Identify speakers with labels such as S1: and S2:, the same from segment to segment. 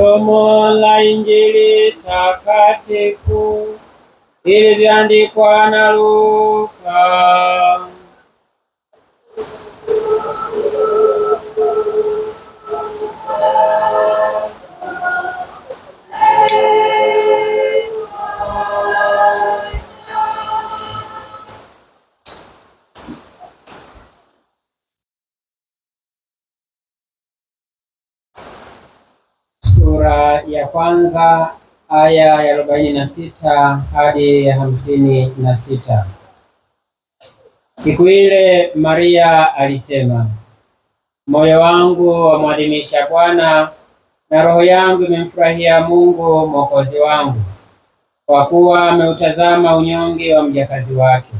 S1: Somo la Injili takatifu ilivyoandikwa na Luka. sura ya kwanza aya ya arobaini na sita hadi ya hamsini na sita. Siku ile Maria alisema, moyo wangu wamwadhimisha Bwana na roho yangu imemfurahia Mungu mwokozi wangu, kwa kuwa ameutazama unyonge wa mjakazi wake.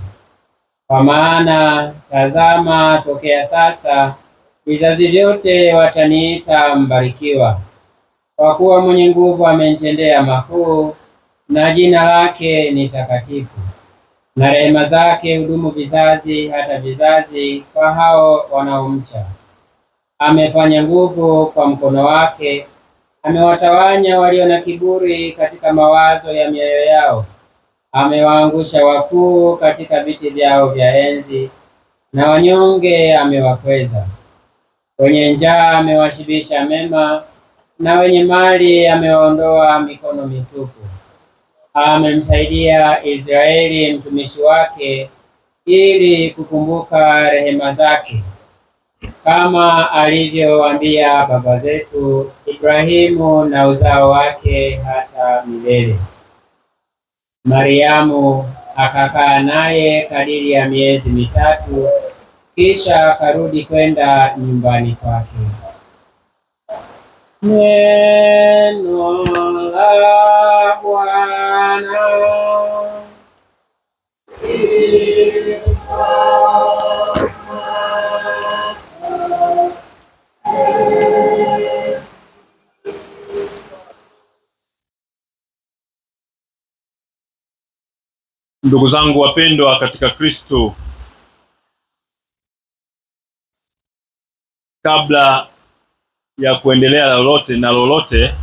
S1: Kwa maana tazama, tokea sasa vizazi vyote wataniita mbarikiwa, kwa kuwa mwenye nguvu amenitendea makuu, na jina lake ni takatifu. Na rehema zake hudumu vizazi hata vizazi, kwa hao wanaomcha. Amefanya nguvu kwa mkono wake, amewatawanya walio na kiburi katika mawazo ya mioyo yao. Amewaangusha wakuu katika viti vyao vya enzi, na wanyonge amewakweza. Kwenye njaa amewashibisha mema na wenye mali amewaondoa mikono mitupu. Amemsaidia Israeli mtumishi wake, ili kukumbuka rehema zake, kama alivyowaambia baba zetu Ibrahimu na uzao wake hata milele. Mariamu akakaa naye kadiri ya miezi mitatu, kisha akarudi kwenda nyumbani kwake. Neno la Bwana.
S2: Ndugu zangu wapendwa katika Kristo, kabla ya kuendelea na lolote na lolote,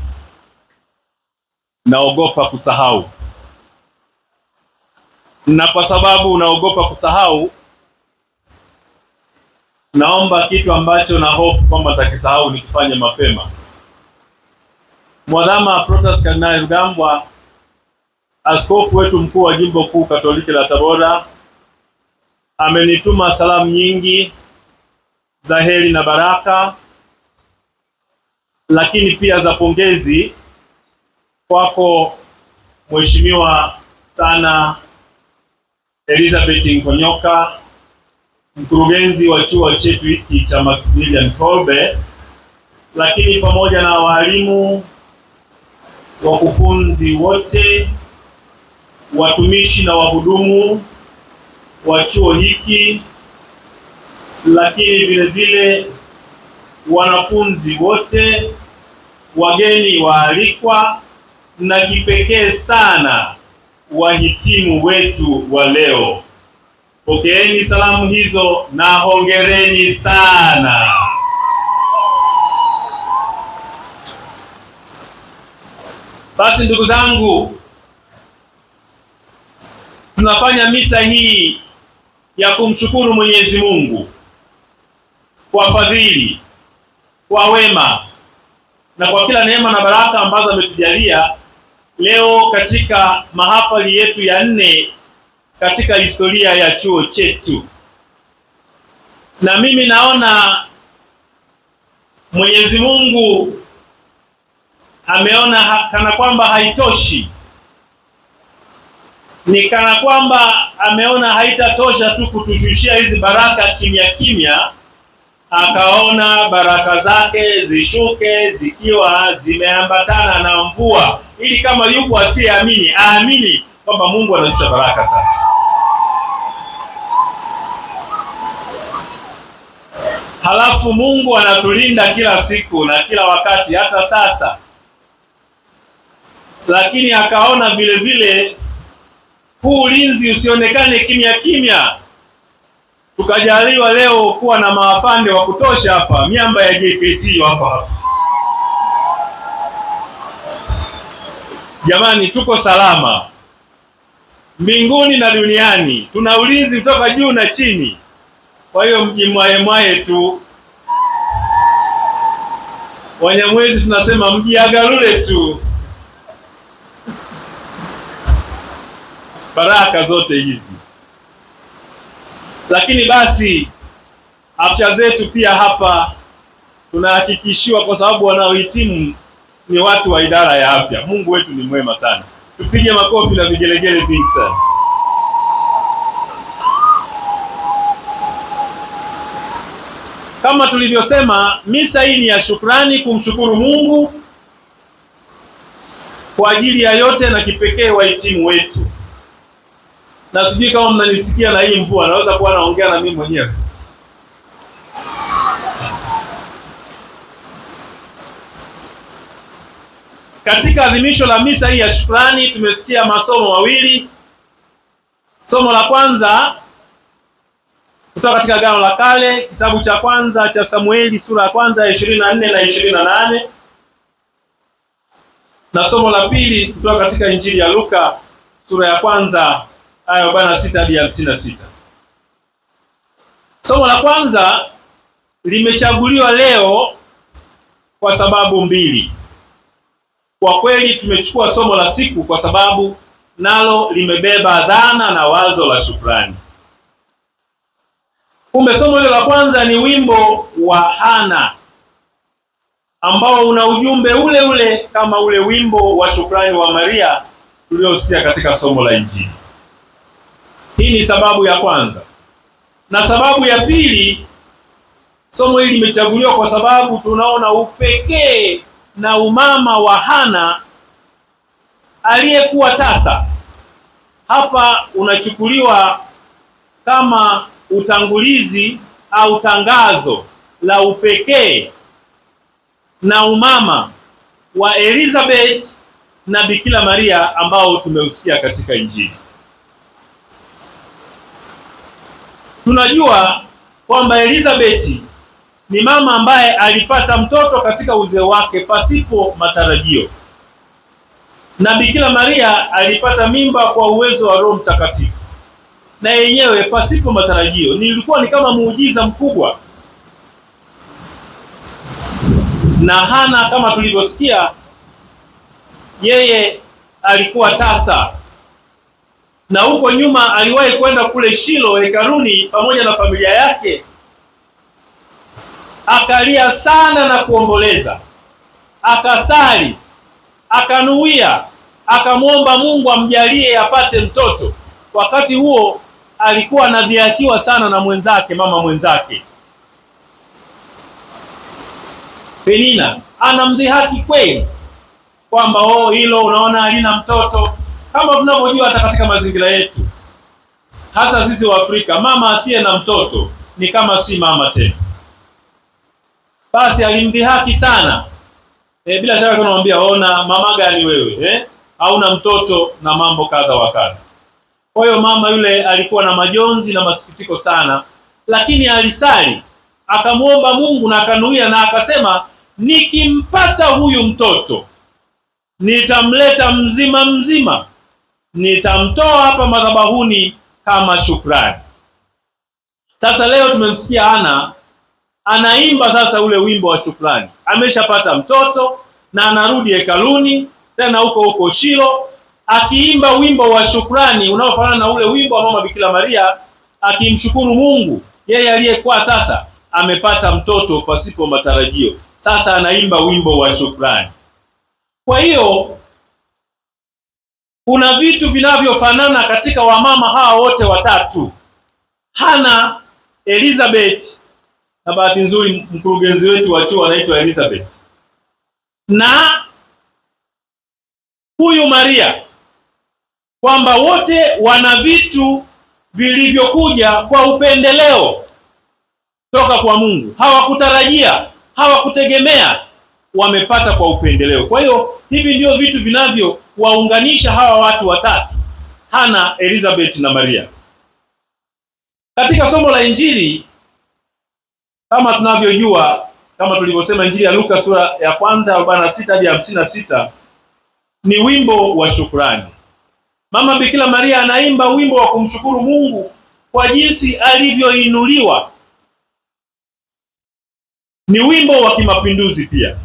S2: naogopa kusahau. Na kwa sababu unaogopa kusahau, naomba kitu ambacho na hofu kwamba takisahau nikifanye mapema. Mwadhama Protas Kardinali Rugambwa, askofu wetu mkuu wa jimbo kuu Katoliki la Tabora, amenituma salamu nyingi za heri na baraka lakini pia za pongezi kwako Mheshimiwa sana Elizabeth Nkonyoka, mkurugenzi wa chuo chetu hiki cha Maximilian Kolbe, lakini pamoja na walimu, wakufunzi wote, watumishi na wahudumu wa chuo hiki, lakini vile vile wanafunzi wote, wageni waalikwa, na kipekee sana wahitimu wetu wa leo. Pokeeni salamu hizo na hongereni sana. Basi ndugu zangu, tunafanya misa hii ya kumshukuru Mwenyezi Mungu kwa fadhili kwa wema na kwa kila neema na baraka ambazo ametujalia. Leo katika mahafali yetu ya nne katika historia ya chuo chetu, na mimi naona Mwenyezi Mungu ameona kana kwamba haitoshi, ni kana kwamba ameona haitatosha tu kutushushia hizi baraka kimya kimya akaona baraka zake zishuke zikiwa zimeambatana na mvua, ili kama yupo asiyeamini aamini kwamba Mungu anashusha baraka. Sasa halafu Mungu anatulinda kila siku na kila wakati, hata sasa. Lakini akaona vile vile huu ulinzi usionekane kimya kimya tukajaliwa leo kuwa na maafande wa kutosha hapa, miamba ya JKT wako hapa. Jamani, tuko salama mbinguni na duniani, tuna ulinzi kutoka juu na chini. Kwa hiyo mwaye tu, Wanyamwezi tunasema mjiagalule tu. Baraka zote hizi lakini basi afya zetu pia hapa tunahakikishiwa, kwa sababu wanaohitimu ni watu wa idara ya afya. Mungu wetu ni mwema sana, tupige makofi na vigelegele vingi sana. Kama tulivyosema, misa hii ni ya shukrani, kumshukuru Mungu kwa ajili ya yote na kipekee wahitimu wetu na sijui kama mnanisikia na hii mvua, naweza kuwa naongea na mimi mwenyewe. Katika adhimisho la misa hii ya shukrani tumesikia masomo mawili. Somo la kwanza kutoka katika Agano la Kale, kitabu cha kwanza cha Samueli sura ya kwanza ya ishirini na nne na ishirini na nane na somo la pili kutoka katika Injili ya Luka sura ya kwanza aya arobaini na sita hadi hamsini na sita. Somo la kwanza limechaguliwa leo kwa sababu mbili. Kwa kweli tumechukua somo la siku kwa sababu nalo limebeba dhana na wazo la shukrani. Kumbe somo hilo la kwanza ni wimbo wa Hana ambao una ujumbe ule ule kama ule wimbo wa shukrani wa Maria tuliosikia katika somo la Injili. Hii ni sababu ya kwanza, na sababu ya pili, somo hili limechaguliwa kwa sababu tunaona upekee na umama wa Hana aliyekuwa tasa. Hapa unachukuliwa kama utangulizi au tangazo la upekee na umama wa Elizabeth na Bikira Maria ambao tumeusikia katika Injili. Tunajua kwamba Elizabeth ni mama ambaye alipata mtoto katika uzee wake pasipo matarajio, na Bikira Maria alipata mimba kwa uwezo wa Roho Mtakatifu na yenyewe pasipo matarajio. Nilikuwa ni kama muujiza mkubwa, na Hana kama tulivyosikia, yeye alikuwa tasa na huko nyuma aliwahi kwenda kule Shilo hekaruni pamoja na familia yake, akalia sana na kuomboleza, akasali, akanuia, akamwomba Mungu amjalie apate mtoto. Wakati huo alikuwa anadhihakiwa sana na mwenzake, mama mwenzake Penina anamdhihaki kweli kwamba oh, hilo unaona halina mtoto kama tunavyojua hata katika mazingira yetu, hasa sisi wa Afrika, mama asiye na mtoto ni kama si mama tena. Basi alimdhihaki sana e, bila shaka kunamwambia ona mama gani wewe eh? hauna mtoto na mambo kadha wa kadha. Kwa hiyo mama yule alikuwa na majonzi na masikitiko sana, lakini alisali akamwomba Mungu na akanuia na akasema, nikimpata huyu mtoto nitamleta mzima mzima nitamtoa hapa madhabahuni kama shukrani. Sasa leo tumemsikia Ana anaimba sasa ule wimbo wa shukrani. Ameshapata mtoto na anarudi hekaluni tena huko huko Shilo akiimba wimbo wa shukrani unaofanana na ule wimbo wa Mama Bikira Maria akimshukuru Mungu yeye aliyekuwa sasa amepata mtoto pasipo matarajio. Sasa anaimba wimbo wa shukrani. Kwa hiyo kuna vitu vinavyofanana katika wamama hawa wote watatu, Hana, Elizabeth na bahati nzuri mkurugenzi wetu wa chuo anaitwa Elizabeth na huyu Maria, kwamba wote wana vitu vilivyokuja kwa upendeleo toka kwa Mungu, hawakutarajia, hawakutegemea, wamepata kwa upendeleo. Kwa hiyo hivi ndio vitu vinavyo kuwaunganisha hawa watu watatu Hana, Elizabeth na Maria. Katika somo la Injili kama tunavyojua, kama tulivyosema, Injili ya Luka sura ya kwanza arobaini na sita hadi hamsini sita ni wimbo wa shukrani. Mama Bikira Maria anaimba wimbo wa kumshukuru Mungu kwa jinsi alivyoinuliwa. Ni wimbo wa kimapinduzi pia,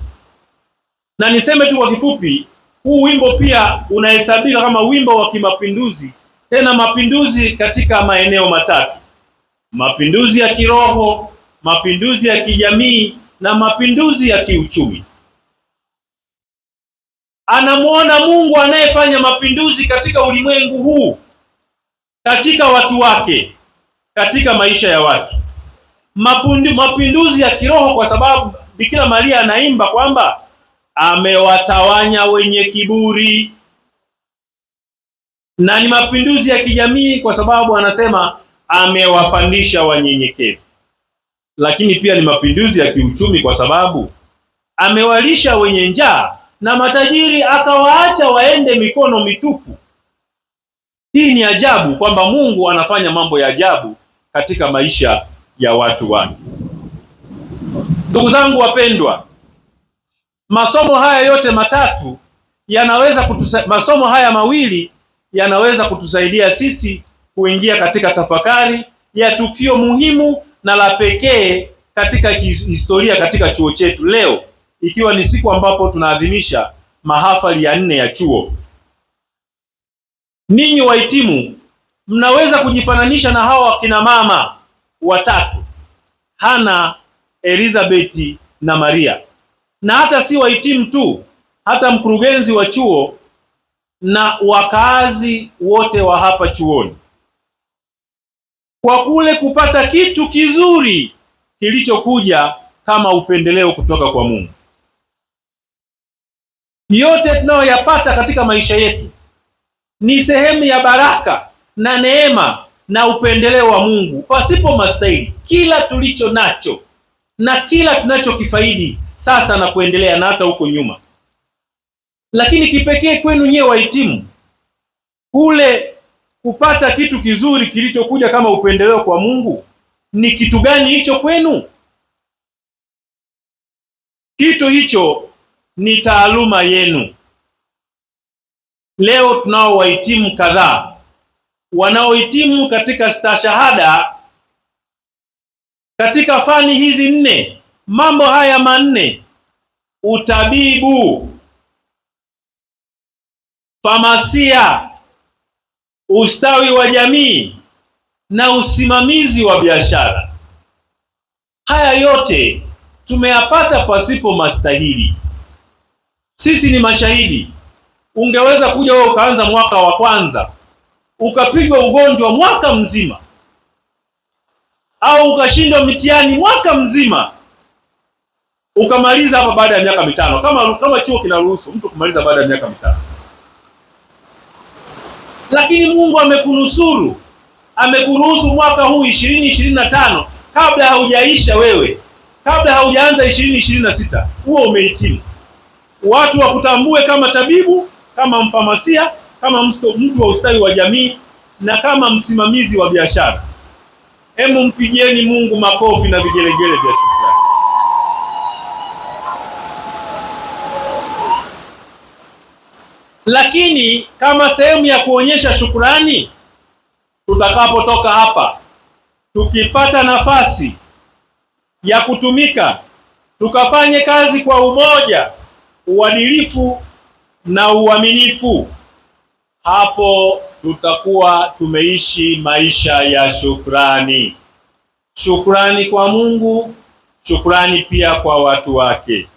S2: na niseme tu kwa kifupi huu wimbo pia unahesabika kama wimbo wa kimapinduzi, tena mapinduzi katika maeneo matatu: mapinduzi ya kiroho, mapinduzi ya kijamii na mapinduzi ya kiuchumi. Anamwona Mungu anayefanya mapinduzi katika ulimwengu huu, katika watu wake, katika maisha ya watu. Mapinduzi ya kiroho, kwa sababu Bikira Maria anaimba kwamba amewatawanya wenye kiburi, na ni mapinduzi ya kijamii kwa sababu anasema amewapandisha wanyenyekevu, lakini pia ni mapinduzi ya kiuchumi kwa sababu amewalisha wenye njaa na matajiri akawaacha waende mikono mitupu. Hii ni ajabu kwamba Mungu anafanya mambo ya ajabu katika maisha ya watu wake. Ndugu zangu wapendwa, Masomo haya yote matatu yanaweza kutusa, masomo haya mawili yanaweza kutusaidia sisi kuingia katika tafakari ya tukio muhimu na la pekee katika historia katika chuo chetu leo, ikiwa ni siku ambapo tunaadhimisha mahafali ya nne ya chuo. Ninyi wahitimu mnaweza kujifananisha na hawa wakina mama watatu Hana, Elizabeth na Maria na hata si wahitimu tu, hata mkurugenzi wa chuo na wakaazi wote wa hapa chuoni, kwa kule kupata kitu kizuri kilichokuja kama upendeleo kutoka kwa Mungu. Yote tunayoyapata katika maisha yetu ni sehemu ya baraka na neema na upendeleo wa Mungu pasipo mastahili. Kila tulicho nacho na kila tunachokifaidi sasa na kuendelea na hata huko nyuma. Lakini kipekee kwenu nyewe wahitimu, kule kupata kitu kizuri kilichokuja kama upendeleo kwa Mungu, ni kitu gani hicho kwenu? Kitu hicho ni taaluma yenu. Leo tunao wahitimu kadhaa wanaohitimu katika stashahada katika fani hizi nne Mambo haya manne: utabibu, famasia, ustawi wa jamii na usimamizi wa biashara. Haya yote tumeyapata pasipo mastahili. Sisi ni mashahidi. Ungeweza kuja wewe ukaanza mwaka wa kwanza ukapigwa ugonjwa mwaka mzima, au ukashindwa mitihani mwaka mzima ukamaliza hapa baada ya miaka mitano, kama kama chuo kinaruhusu mtu kumaliza baada ya miaka mitano, lakini Mungu amekunusuru, amekuruhusu mwaka huu ishirini ishirini na tano kabla haujaisha wewe, kabla haujaanza ishirini ishirini na sita huo umehitimu, watu wakutambue kama tabibu, kama mfamasia, kama mtu wa ustawi wa jamii na kama msimamizi wa biashara. Hebu mpigieni Mungu makofi na vigelegele vyetu. Lakini kama sehemu ya kuonyesha shukurani, tutakapotoka hapa, tukipata nafasi ya kutumika, tukafanye kazi kwa umoja, uadilifu na uaminifu, hapo tutakuwa tumeishi maisha ya shukrani. Shukrani kwa Mungu, shukrani pia kwa watu wake.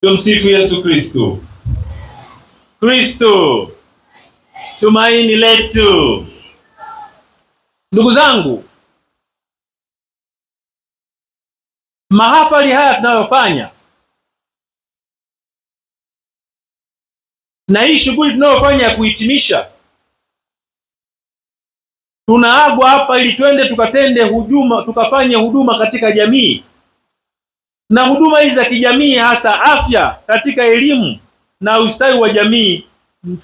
S2: Tumsifu Yesu Kristo. Kristo tumaini letu. Ndugu zangu, mahafali haya tunayofanya na hii shughuli tunayofanya ya kuhitimisha, tunaagwa hapa ili twende tukatende huduma, tukafanye huduma katika jamii na huduma hizi za kijamii, hasa afya, katika elimu na ustawi wa jamii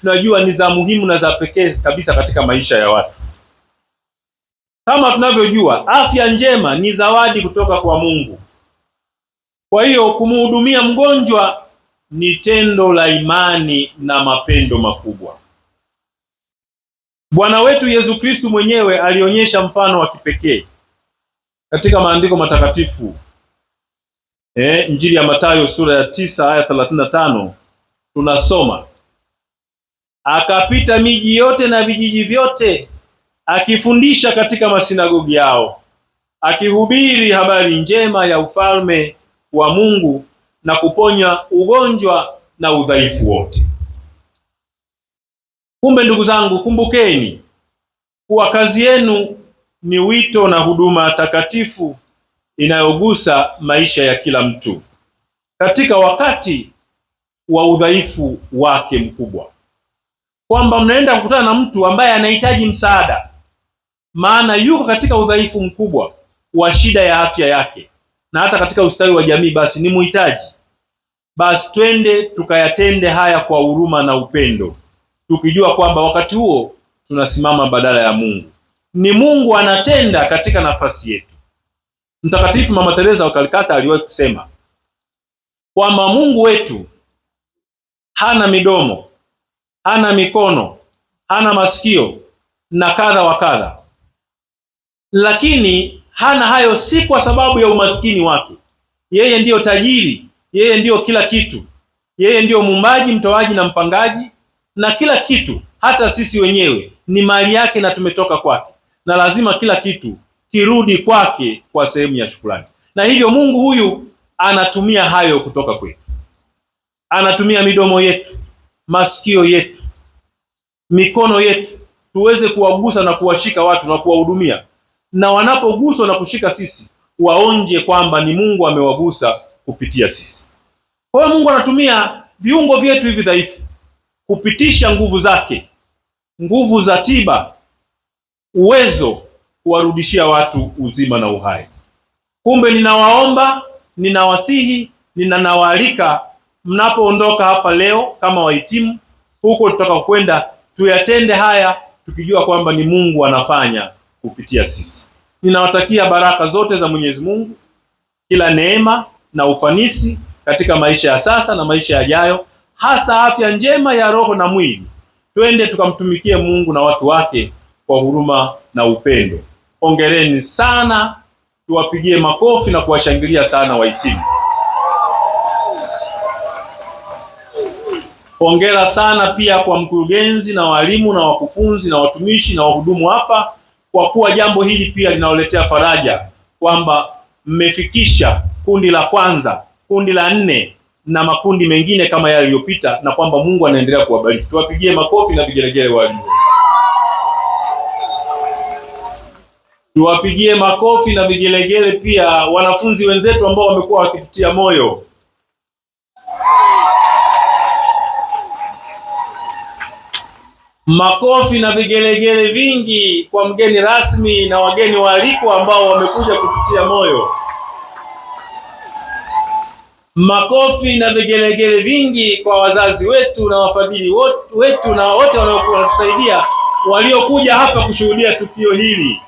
S2: tunajua ni za muhimu na za pekee kabisa katika maisha ya watu. Kama tunavyojua afya njema ni zawadi kutoka kwa Mungu. Kwa hiyo kumhudumia mgonjwa ni tendo la imani na mapendo makubwa. Bwana wetu Yesu Kristu mwenyewe alionyesha mfano wa kipekee katika maandiko matakatifu. Eh, Injili ya Mathayo sura ya tisa aya 35 tunasoma akapita miji yote na vijiji vyote akifundisha katika masinagogi yao akihubiri habari njema ya ufalme wa Mungu na kuponya ugonjwa na udhaifu wote. Kumbe ndugu zangu, kumbukeni kuwa kazi yenu ni wito na huduma takatifu inayogusa maisha ya kila mtu katika wakati wa udhaifu wake mkubwa, kwamba mnaenda kukutana na mtu ambaye anahitaji msaada, maana yuko katika udhaifu mkubwa wa shida ya afya yake na hata katika ustawi wa jamii, basi ni muhitaji. Basi twende tukayatende haya kwa huruma na upendo, tukijua kwamba wakati huo tunasimama badala ya Mungu, ni Mungu anatenda katika nafasi yetu. Mtakatifu Mama Teresa wa Kalkata aliwahi kusema kwamba Mungu wetu hana midomo, hana mikono, hana masikio na kadha wa kadha, lakini hana hayo si kwa sababu ya umaskini wake. Yeye ndiyo tajiri, yeye ndiyo kila kitu, yeye ndiyo muumbaji, mtoaji na mpangaji na kila kitu. Hata sisi wenyewe ni mali yake na tumetoka kwake, na lazima kila kitu kirudi kwake kwa sehemu ya shukrani, na hivyo Mungu huyu anatumia hayo kutoka kwetu anatumia midomo yetu, masikio yetu, mikono yetu tuweze kuwagusa na kuwashika watu na kuwahudumia, na wanapoguswa na kushika sisi waonje kwamba ni Mungu amewagusa kupitia sisi. Kwa hiyo Mungu anatumia viungo vyetu hivi dhaifu kupitisha nguvu zake, nguvu za tiba, uwezo kuwarudishia watu uzima na uhai. Kumbe ninawaomba, ninawasihi, ninanawaalika mnapoondoka hapa leo kama wahitimu, huko tutaka kwenda tuyatende haya tukijua kwamba ni Mungu anafanya kupitia sisi. Ninawatakia baraka zote za Mwenyezi Mungu, kila neema na ufanisi katika maisha ya sasa na maisha yajayo, hasa afya njema ya roho na mwili. Twende tukamtumikie Mungu na watu wake kwa huruma na upendo. Hongereni sana, tuwapigie makofi na kuwashangilia sana wahitimu. Hongera sana pia kwa mkurugenzi na walimu na wakufunzi na watumishi na wahudumu hapa, kwa kuwa jambo hili pia linaloletea faraja kwamba mmefikisha kundi la kwanza, kundi la nne na makundi mengine kama yale yaliyopita, na kwamba Mungu anaendelea kuwabariki. Tuwapigie makofi na vigelegele walimu, tuwapigie makofi na vigelegele pia wanafunzi wenzetu ambao wamekuwa wakitutia moyo makofi na vigelegele vingi kwa mgeni rasmi na wageni waalikwa ambao wamekuja kupitia Moyo. Makofi na vigelegele vingi kwa wazazi wetu na wafadhili wetu na wote wanaotusaidia waliokuja hapa kushuhudia tukio hili.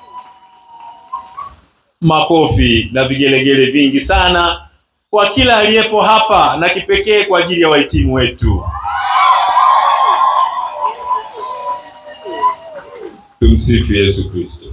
S2: Makofi na vigelegele vingi sana kwa kila aliyepo hapa na kipekee kwa ajili ya wahitimu wetu. Tumsifu Yesu Kristo.